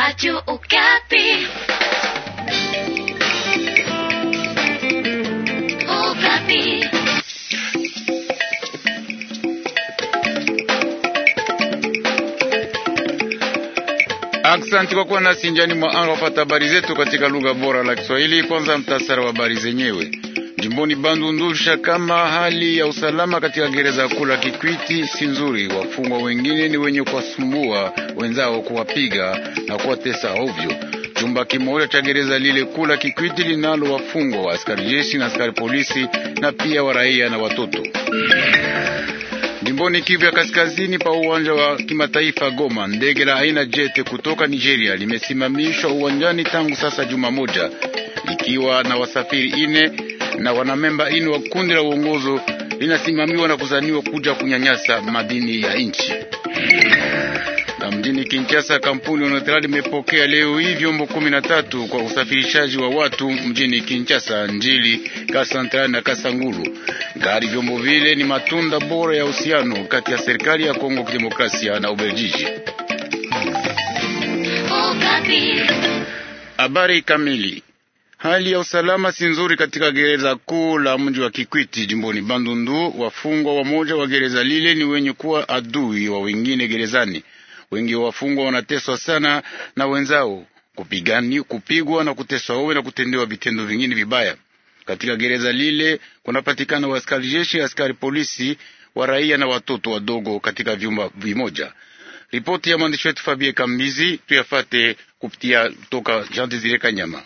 Radio Okapi. Okapi. Aksanti kwa kuwa nasi njani mwa anga wapata habari zetu katika lugha bora la Kiswahili. Kwanza mtasara wa habari zenyewe. Jimboni Bandundu kama hali ya usalama katika gereza kuu la Kikwiti si nzuri. Wafungwa wengine ni wenye kuwasumbua wenzao, kuwapiga na kuwatesa ovyo. Chumba kimoja cha gereza lile kuu la Kikwiti linalo wafungwa wa askari jeshi na askari polisi na pia wa raia na watoto. Jimboni Kivu ya kaskazini pa uwanja wa kimataifa Goma, ndege la aina jete kutoka Nigeria limesimamishwa uwanjani tangu sasa juma moja likiwa na wasafiri ine na wanamemba ini wa kundi la uongozo linasimamiwa na kuzaniwa kuja kunyanyasa madini ya nchi. Na mjini Kinshasa, kampuni ya Notrail imepokea leo hii vyombo kumi na tatu kwa usafirishaji wa watu mjini Kinshasa, Njili, kasantral na kasangulu Gari vyombo vile ni matunda bora ya uhusiano kati ya serikali ya Kongo Kidemokrasia na Ubelgiji. Habari kamili Hali ya usalama si nzuri katika gereza kuu la mji wa Kikwiti jimboni Bandundu. Wafungwa wamoja wa gereza lile ni wenye kuwa adui wa wengine gerezani. Wengi wa wafungwa wanateswa sana na wenzao, kupigani, kupigwa na kuteswa owe na kutendewa vitendo vingine vibaya. Katika gereza lile kunapatikana waaskari jeshi, askari polisi, wa raia na watoto wadogo katika vyumba vimoja. Ripoti ya mwandishi wetu Fabie Kambizi tuyafate kupitia toka Jean Desire Kanyama.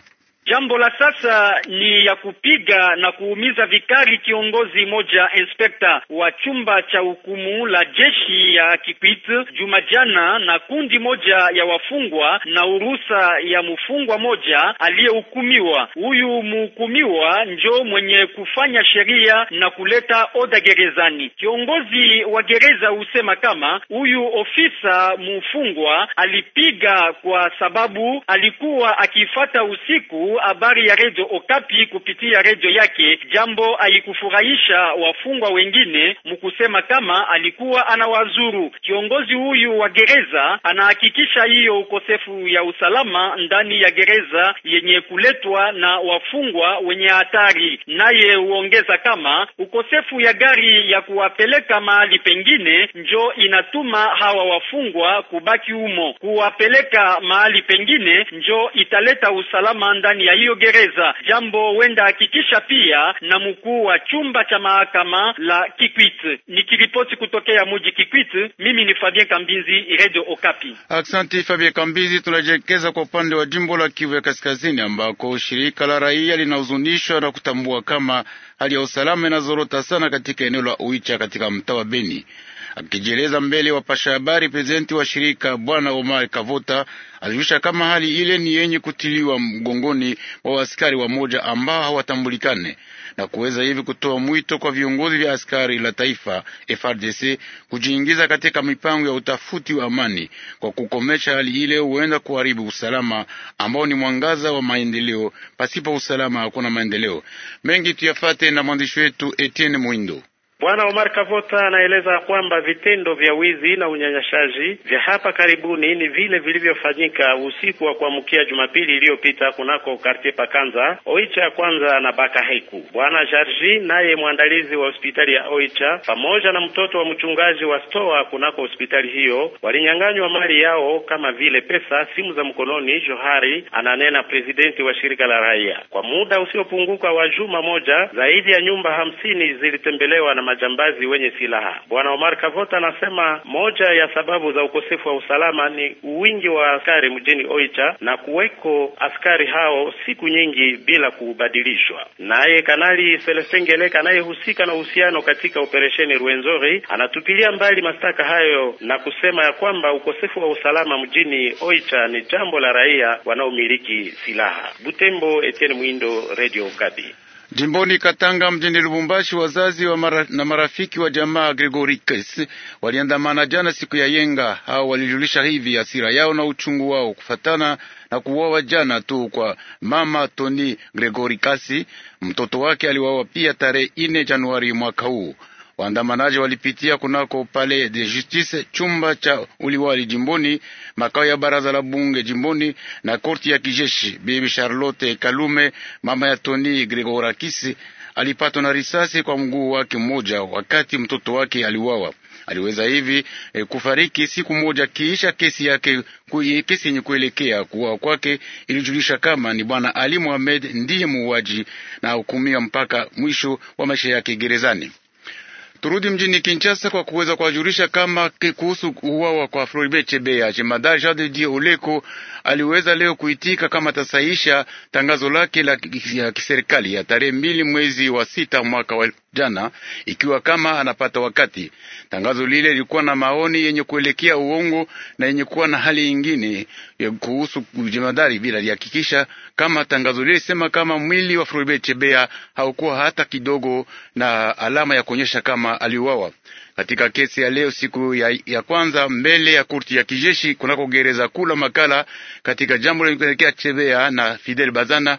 Jambo la sasa ni ya kupiga na kuumiza vikali kiongozi moja, inspekta wa chumba cha hukumu la jeshi ya Kikwit Jumajana na kundi moja ya wafungwa na urusa ya mfungwa moja aliyehukumiwa. Huyu mhukumiwa njo mwenye kufanya sheria na kuleta oda gerezani. Kiongozi wa gereza husema kama huyu ofisa mfungwa alipiga kwa sababu alikuwa akifata usiku habari ya redio Okapi kupitia redio yake, jambo alikufurahisha wafungwa wengine mkusema kama alikuwa anawazuru. Kiongozi huyu wa gereza anahakikisha hiyo ukosefu ya usalama ndani ya gereza yenye kuletwa na wafungwa wenye hatari. Naye huongeza kama ukosefu ya gari ya kuwapeleka mahali pengine njo inatuma hawa wafungwa kubaki humo, kuwapeleka mahali pengine njo italeta usalama ndani ya hiyo gereza, jambo huenda hakikisha pia na mkuu wa chumba cha mahakama la Kikwit. Nikiripoti kutokea muji Kikwit, mimi ni Fabien Kambinzi, Radio Okapi. Asante Fabien Kambizi. Tunajielekeza kwa upande wa jimbo la Kivu ya Kaskazini ambako shirika la raia linahuzunishwa na kutambua kama hali ya usalama inazorota sana katika eneo la Uicha katika mtaa wa Beni. Akijieleza mbele wapasha habari, prezidenti wa shirika Bwana Omar Kavota alijulisha kama hali ile ni yenye kutiliwa mgongoni wa askari wamoja ambao hawatambulikane na kuweza hivi kutoa mwito kwa viongozi vya askari la taifa FRDC kujiingiza katika mipango ya utafuti wa amani kwa kukomesha hali ile, huenda kuharibu usalama ambao ni mwangaza wa maendeleo. Pasipo usalama hakuna maendeleo. Mengi tuyafate na mwandishi wetu Etienne Mwindo. Bwana Omar Kavota anaeleza kwamba vitendo vya wizi na unyanyashaji vya hapa karibuni ni vile vilivyofanyika usiku wa kuamkia Jumapili iliyopita kunako Quartier Pakanza, Oicha ya kwanza na Baka Heku. Bwana Jarji naye mwandalizi wa hospitali ya Oicha pamoja na mtoto wa mchungaji wa stoa kunako hospitali hiyo walinyang'anywa mali yao kama vile pesa, simu za mkononi. Johari ananena presidenti wa shirika la raia. Kwa muda usiopunguka wa juma moja, zaidi ya nyumba hamsini zilitembelewa na majambazi wenye silaha. Bwana Omar Kavota anasema moja ya sababu za ukosefu wa usalama ni wingi wa askari mjini Oicha na kuweko askari hao siku nyingi bila kubadilishwa. Naye Kanali Selesengele anayehusika na uhusiano katika operesheni ruenzori anatupilia mbali mashtaka hayo na kusema ya kwamba ukosefu wa usalama mjini Oicha ni jambo la raia wanaomiliki silaha. Butembo, Etienne Mwindo, Radio Okapi. Jimboni Katanga mjini Lubumbashi, wazazi wa mara, na marafiki wa jamaa Kes waliandamana jana siku ya yenga. Hao walijulisha hivi hasira yao na uchungu wao kufatana na kuuawa jana tu kwa mama Toni Gregorikasi. Mtoto wake aliwawa pia tarehe 4 Januari mwaka huu. Waandamanaji walipitia kunako pale de Justice, chumba cha uliwali jimboni, makao ya baraza la bunge jimboni na korti ya kijeshi. Bibi Charlotte Kalume, mama ya Tony Gregorakis, alipatwa na risasi kwa mguu wake mmoja wakati mtoto wake aliuawa. Aliweza hivi e, kufariki siku moja kiisha kesi yake kesi yenye kuelekea kuwa kwake ilijulisha kama ni bwana Ali Mohamed ndiye muuaji na hukumiwa mpaka mwisho wa maisha yake gerezani turudi mjini Kinshasa kwa kuweza kuwajulisha kama kuhusu uwawa kwa Floribert Chebeya, jemadari Jean de Dieu Oleko aliweza leo kuitika kama tasaisha tangazo lake la kiserikali ya tarehe mbili mwezi wa sita mwaka wa jana, ikiwa kama anapata wakati. Tangazo lile lilikuwa na maoni yenye kuelekea uongo na yenye kuwa na hali nyingine kuhusu jemadari bila lihakikisha kama tangazo lile sema kama mwili wa Floribert Chebea haukuwa hata kidogo na alama ya kuonyesha kama aliuawa katika kesi ya leo siku ya, ya kwanza mbele ya kurti ya kijeshi kunako gereza kula makala katika jambo lenye kuelekea Chebea na Fidel Bazana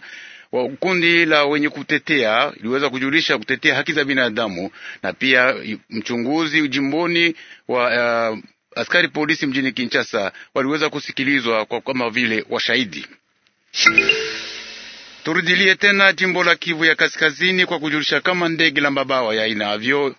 wa kundi la wenye kutetea iliweza kujulisha kutetea haki za binadamu na pia mchunguzi jimboni wa uh, askari polisi mjini Kinshasa waliweza kusikilizwa kwa kama vile washahidi. Turudilie tena jimbo la Kivu ya Kaskazini kwa kujulisha kama ndege la mabawa ya aina avyo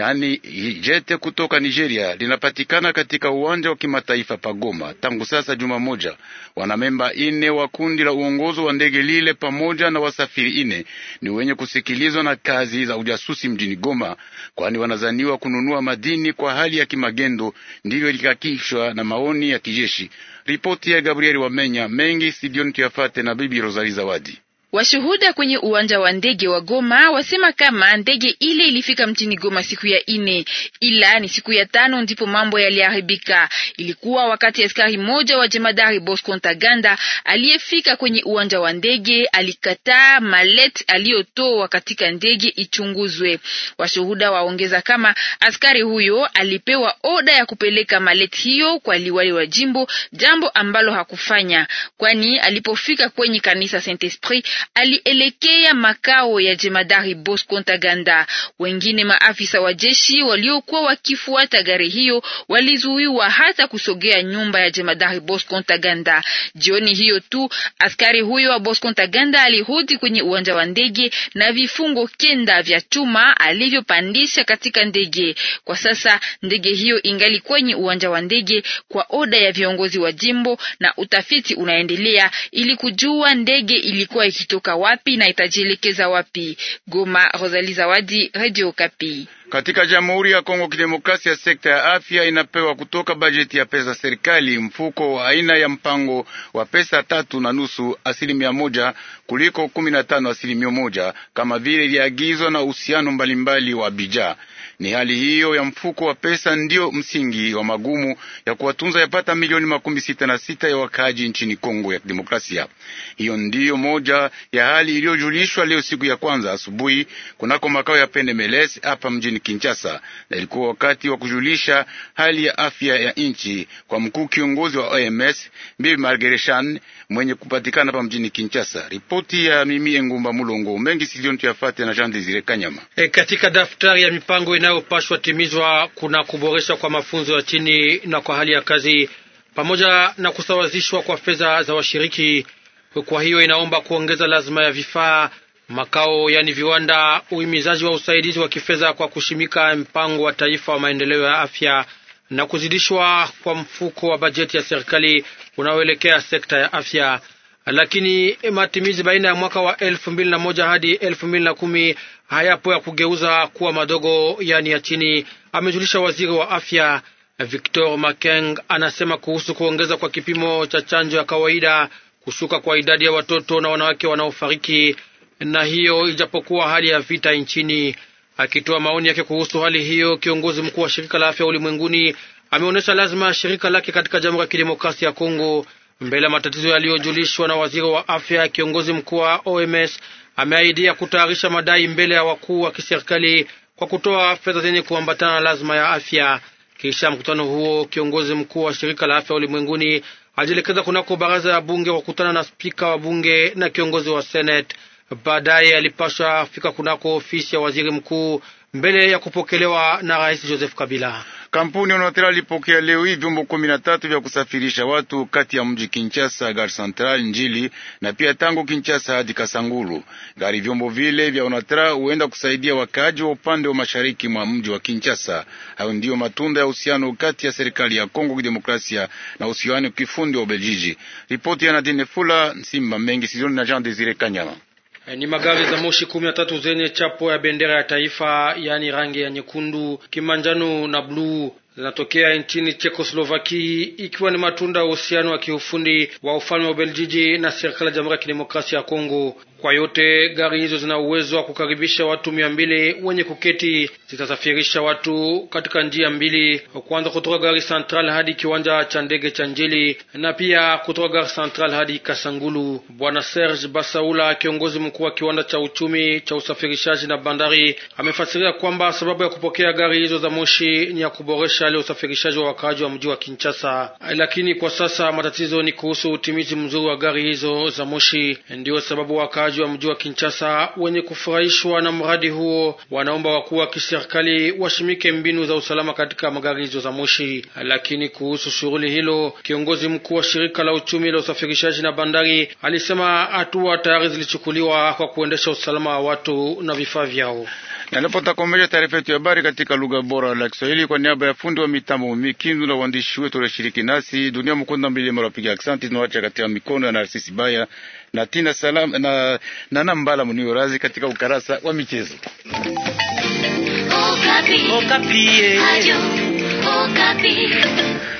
yani jete kutoka Nigeria linapatikana katika uwanja wa kimataifa Pagoma tangu sasa juma moja. Wanamemba ine wa kundi la uongozo wa ndege lile pamoja na wasafiri ine ni wenye kusikilizwa na kazi za ujasusi mjini Goma, kwani wanazaniwa kununua madini kwa hali ya kimagendo. Ndivyo likakishwa na maoni ya kijeshi. Ripoti ya Gabriel Wamenya mengi sidioni tuyafate na Bibi Rozali Zawadi. Washuhuda kwenye uwanja wa ndege wa Goma wasema kama ndege ile ilifika mjini Goma siku ya ine, ila ni siku ya tano ndipo mambo yaliharibika. Ilikuwa wakati askari mmoja wa jemadari Bosco Ntaganda aliyefika kwenye uwanja wa ndege alikataa malet aliyotoa katika ndege ichunguzwe. Washuhuda waongeza kama askari huyo alipewa oda ya kupeleka malet hiyo kwa liwali wa jimbo, jambo ambalo hakufanya, kwani alipofika kwenye kanisa Saint Esprit alielekea makao ya jemadari Bosco Ntaganda. Wengine maafisa wa jeshi waliokuwa wakifuata gari hiyo walizuiwa hata kusogea nyumba ya jemadari Bosco Ntaganda. Jioni hiyo tu askari huyo wa Bosco Ntaganda alirudi kwenye uwanja wa ndege na vifungo kenda vya chuma alivyopandisha katika ndege. Kwa sasa ndege hiyo ingali kwenye uwanja wa ndege kwa oda ya viongozi wa jimbo, na utafiti unaendelea ili kujua ndege ilikuwa iki ilitoka wapi na itajielekeza wapi? Goma, Rosalie Zawadi, Radio Kapi. Katika Jamhuri ya Kongo Kidemokrasia, sekta ya afya inapewa kutoka bajeti ya pesa serikali mfuko wa aina ya mpango wa pesa tatu na nusu asilimia moja kuliko kumi na tano asilimia moja kama vile iliagizwa na uhusiano mbalimbali wa bija ni hali hiyo ya mfuko wa pesa ndiyo msingi wa magumu ya kuwatunza yapata milioni makumi sita na sita ya wakaaji nchini Kongo ya Kidemokrasia. Hiyo ndiyo moja ya hali iliyojulishwa leo siku ya kwanza asubuhi kunako makao ya Pendemelesi hapa mjini Kinshasa, na ilikuwa wakati wa kujulisha hali ya afya ya nchi kwa mkuu kiongozi wa OMS Bibi Margereshan mwenye kupatikana hapa mjini Kinshasa. Ripoti ya mimi Ngumba Mulongo mengi silioni tuyafate na Jean Desire Kanyama. E, katika daftari ya mipango ina inayopashwa timizwa kuna kuboresha kwa mafunzo ya chini na kwa hali ya kazi pamoja na kusawazishwa kwa fedha za washiriki. Kwa hiyo inaomba kuongeza lazima ya vifaa makao, yani viwanda, uhimizaji wa usaidizi wa kifedha kwa kushimika mpango wa taifa wa maendeleo ya afya na kuzidishwa kwa mfuko wa bajeti ya serikali unaoelekea sekta ya afya. Lakini matimizi baina ya mwaka wa elfu mbili na moja hadi elfu mbili na kumi hayapo ya kugeuza kuwa madogo, yani ya chini, amejulisha waziri wa afya. Victor Makeng anasema kuhusu kuongeza kwa kipimo cha chanjo ya kawaida, kushuka kwa idadi ya watoto na wanawake wanaofariki, na hiyo ijapokuwa hali ya vita nchini. Akitoa maoni yake kuhusu hali hiyo, kiongozi mkuu wa shirika la afya ulimwenguni ameonyesha lazima ya shirika lake katika Jamhuri ya Kidemokrasia ya Kongo mbele ya matatizo yaliyojulishwa na waziri wa afya. Kiongozi mkuu wa OMS ameahidia kutayarisha madai mbele ya wakuu wa kiserikali kwa kutoa fedha zenye kuambatana na lazima ya afya. Kisha mkutano huo, kiongozi mkuu wa shirika la afya ulimwenguni alielekeza kunako baraza ya bunge kwa kukutana na spika wa bunge na kiongozi wa senate Baadaye alipashwa fika kunako ofisi ya waziri mkuu mbele ya kupokelewa na Rais Joseph Kabila. Kampuni Onatel lipokea leo hii vyombo kumi na tatu vya kusafirisha watu kati ya mji Kinshasa, gari Central Njili, na pia tangu Kinshasa hadi Kasangulu. Gari vyombo vile vya Onatel huenda kusaidia wakaaji wa upande wa mashariki mwa mji wa Kinshasa. Hayo ndiyo matunda ya uhusiano kati ya serikali ya Kongo Kidemokrasia na uhusiano kifundi wa Ubelgiji. Ripoti ya Nadine Fula Simba Mengi Sizoni na Jean Desire Kanyama. Eh, ni magari za moshi kumi na tatu zenye chapo ya bendera ya taifa, yaani rangi ya nyekundu, kimanjano na bluu zinatokea nchini Chekoslovaki ikiwa ni matunda ya uhusiano wa kiufundi wa ufalme wa Ubeljiji na serikali ya Jamhuri ya Kidemokrasia ya Kongo. Kwa yote gari hizo zina uwezo wa kukaribisha watu mia mbili wenye kuketi. Zitasafirisha watu katika njia mbili, kwanza kutoka gari Central hadi kiwanja cha ndege cha Njili na pia kutoka gari Central hadi Kasangulu. Bwana Serge Basaula, kiongozi mkuu wa kiwanda cha uchumi cha usafirishaji na bandari, amefasiria kwamba sababu ya kupokea gari hizo za moshi ni ya kuboresha yale usafirishaji wa wakaaji wa mji wa Kinshasa, lakini kwa sasa matatizo ni kuhusu utimizi mzuri wa gari hizo za moshi. Ndiyo sababu wakaaji wa mji wa Kinshasa wenye kufurahishwa na mradi huo wanaomba wakuu wa kiserikali washimike mbinu za usalama katika magari hizo za moshi. Lakini kuhusu shughuli hilo, kiongozi mkuu wa shirika la uchumi la usafirishaji na bandari alisema hatua tayari zilichukuliwa kwa kuendesha usalama wa watu na vifaa vyao na ndipo taarifa yetu ya habari katika lugha bora la Kiswahili kwa niaba ya fundi wa mitambo Mikindu na waandishi wetu walioshiriki nasi dunia mkunda mbili mara piga asante. Tunawacha katika mikono ya Narcisse Baya na Tina Salam na Nana Mbala mniyo razi katika ukarasa wa michezo. Okapi. Okapi. Eh.